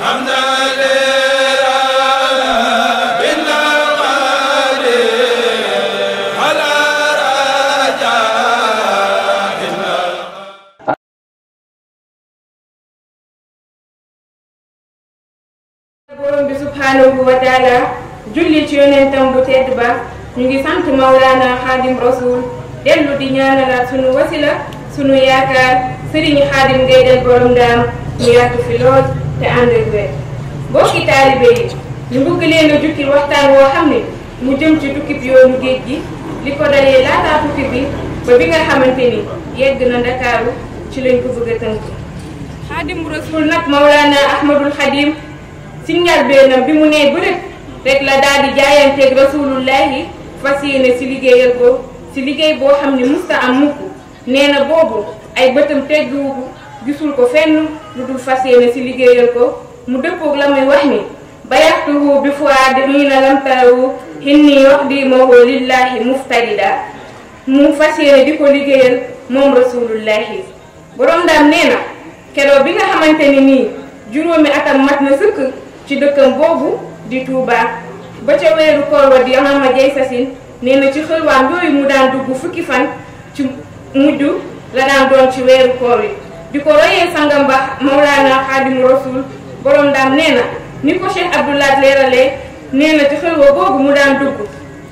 borom bi subhaanahu wa taala julli ci yonentam bu tedd ba ñu ngi sant Mawlana Xaadim Rasul dellu di ñaanalaat sunu wasila sunu yaakaar sëriñ Xaadim Gaydel borom daam mu yàgg fi lool te ànd ak wér mbokki taalibe yi ñu bëgg leen a jukkil waxtaan woo xam ne mu jëm ci tukkib yoonu géej gi li ko dalee laataa tukki bi ba bi nga xamante ni yegg na ndakaaru ci lañ ko bëgg a tënk xaadim rasul nag Mawlana Ahmadul Xadim si njëlbéenam bi mu nee bërëb rek la daal di jaayanteeg rasulullahi fas yéene si liggéeyal ko si liggéey boo xam ne musta am mukk nee boobu ay bëtam tegguwu gisul ko fenn lu dul fas yéene si liggéeyal ko mu dëppoog la muy wax ni bayaxtuhu bi fuwaadina lam tarawu hinni wax di moohu lillahi muftarida mu fas yéene di ko liggéeyal moom rasulullahi borom daam nee na keroog bi nga xamante ni nii juróomi atam mat na sëkk ci dëkkam boobu di Touba ba ca weeru koor wa di amama jay sasin nee na ci xëlwaam yooyu mu daan dugg fukki fan ci mujj la daan doon ci weeru koor yi di ko royee sangam ba Mawlaana Xaadimu Rasul borom daam nee na ni ko Cheikh Abdoulaye leeralee nee na ci xelwa googu mu daan dugg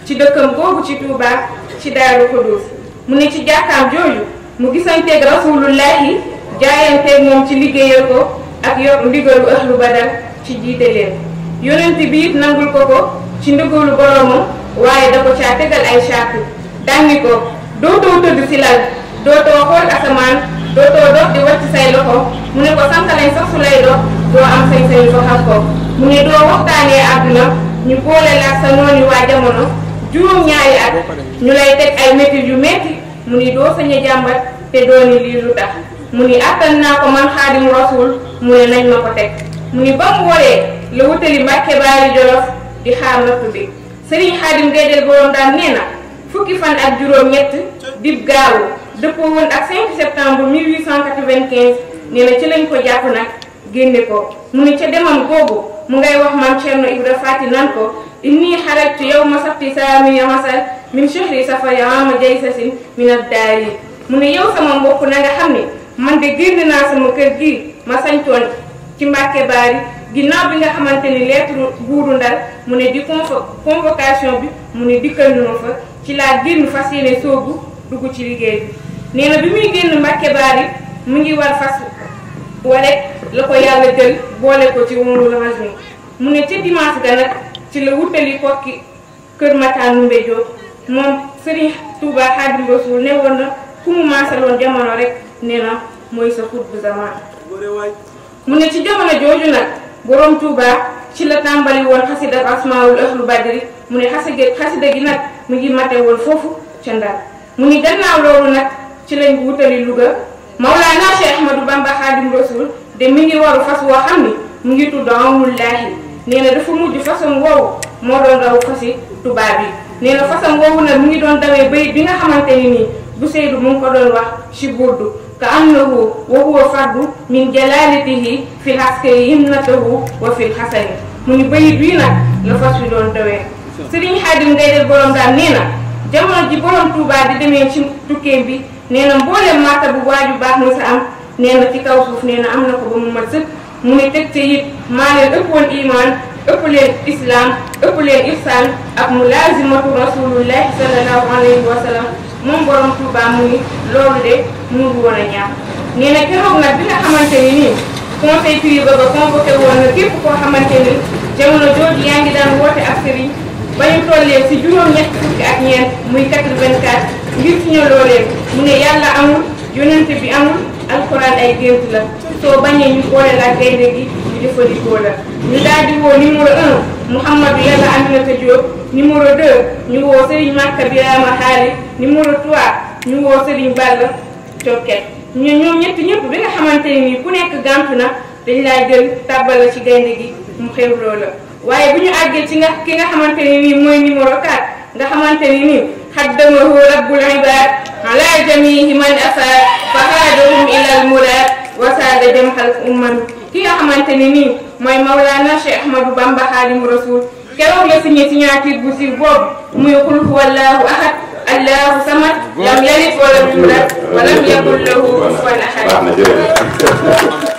ci dëkkam googu ci Touba ci Daaru Xudoos mu ne ci jàkkaam jooju mu gisanteeg yi jaayanteeg moom ci liggéeyal ko ak yor ndigalu lu badal ci jiite leen yonent biir it nangul ko ko ci ndigalu boromam waaye da ko caa tegal ay charte daan ni ko dootoo tëdd si lal dootoo xool asamaan doto ɗo ɗi watti saylo ko mune ko santalen sah sulay ɗo ɗo am sey saylo hakko mune ɗo hokkani e aduna ñu boole laksanoni wa jamono juróom ñaari at ñu lay teg ay métit yu métti mu ni doo sañ a jàmbat te dooni lii lu tax mu ni attan naa ko man xaadim rasul mu ne nañ ma ko teg mu ni ba mu waree la wutali mbàkke baari jolof di xaar natt bi sëriñ xaadim gaydel borom daan nee na fukki fan ak juróom ñett dib gaawu dëppoo woon ak 5 septembre 1895 nee na ci lañ ko jàpp nag génne ko mu ne ca demam googu mu ngay wax maam Thierno Ibra Faty nan ko inni xarajtu yow ma sabti saami yamasal min shahri safar yaama jaysasin min addaari mu ne yow sama mbokk na nga xam ne man de génn naa sama kër gi ma sañtoon ci Mbàkke Baari ginnaaw bi nga xamante ni lettre buuru Ndar mu ne di convo convocation bi mu ne dikkal nunu fa ci laa génn fas yéene soobu dugg ci liggéey nee na bi muy génn Mbàkke Baari mu ngi war fas wale la ko yàlla jël boole ko ci wóoru la masin mu ne ca dimanche ga nag ci la wutali kokki kër Matar Ndumbe Diop moom Serigne Touba Xaadim Rasuul ne woon na ku mu maasaloon jamono rek nee na mooy sa xut bu zaman mu ne ci jamono jooju nag borom Touba ci la tàmbali woon xasida asmaawul ahlu badri mu ne xasida xasida gi nag mu ngi mate woon foofu ca Ndar mu ne gannaaw loolu nag ci lañ wutali Louga Mawlana Cheikh Ahmadou Bamba Khadim Rasoul de mi ngi waru fas woo xam ni mu ngi tudd amul laahi nee na dafa mujj fasam woowu moo doon raw fasi tubaab yi nee na fasam woowu nag ngi doon dawee bayit bi nga xamante ni nii bu Seydou mu ngi ko doon wax ci burdu ka annahu wa huwa fardu min jalalatihi fi haskari himnatahu wa fil xasani mu ngi bayit bii nag la fas wi doon dawee Serigne Khadim Gaydel borom daal nee na ji borom Touba di demee ci tukkeem bi nee na mboolem màtta bu waaju baax mu sa am nee na ci kaw suuf nee na am na ko ba mu mat sëkk mu ni teg te it maa leen ëppoon imaan ëpp leen islaam ëpp leen ihsaan ak mu laazimatu rasulullahi sallallahu alayhi wa sallam moom borom Tuubaa mu loolu de mu woon a ñaar nee na keroog nag bi nga xamante ni nii conseil privé ba convoqué woon na képp koo xamante ni jamono jooju yaa ngi daan woote ak sëriñ ba ñu tollee si juróom ñett fukki ak ñeent muy ngir suñu looleen mu ne yàlla amul yonent bi amul alxuraan ay gént la soo bañee ñu boole la gaynde gi ñu jëfandikoo la ñu daal di woo numéro un Mouhamadou Yàlla Aminata Diop numéro deux ñu woo Serigne Makka Birama Xaali numéro trois ñu woo Serigne Balla Cokket ñu ñoom ñett ñëpp bi nga xamante nii ku nekk gàntu na dañ laa jël tàbbal la ci gaynde gi mu xewloo la waaye bu ñu àggee ci nga ki nga xamante ni nii mooy numéro quatre nga xamante ni nii قدمه رب العباد على جميع من أفاد فهادهم إلى المراد وساد جمح الأمم ki nga xamante ni nii mooy Mawlana Cheikh Ahmadou Bamba Xaadimu Rasuul keroog la signé signature bu siiw boobu muy qul huwallaahu ahad allaahu samad lam yalid walam yuulad walam yakun lahu kufuwan ahad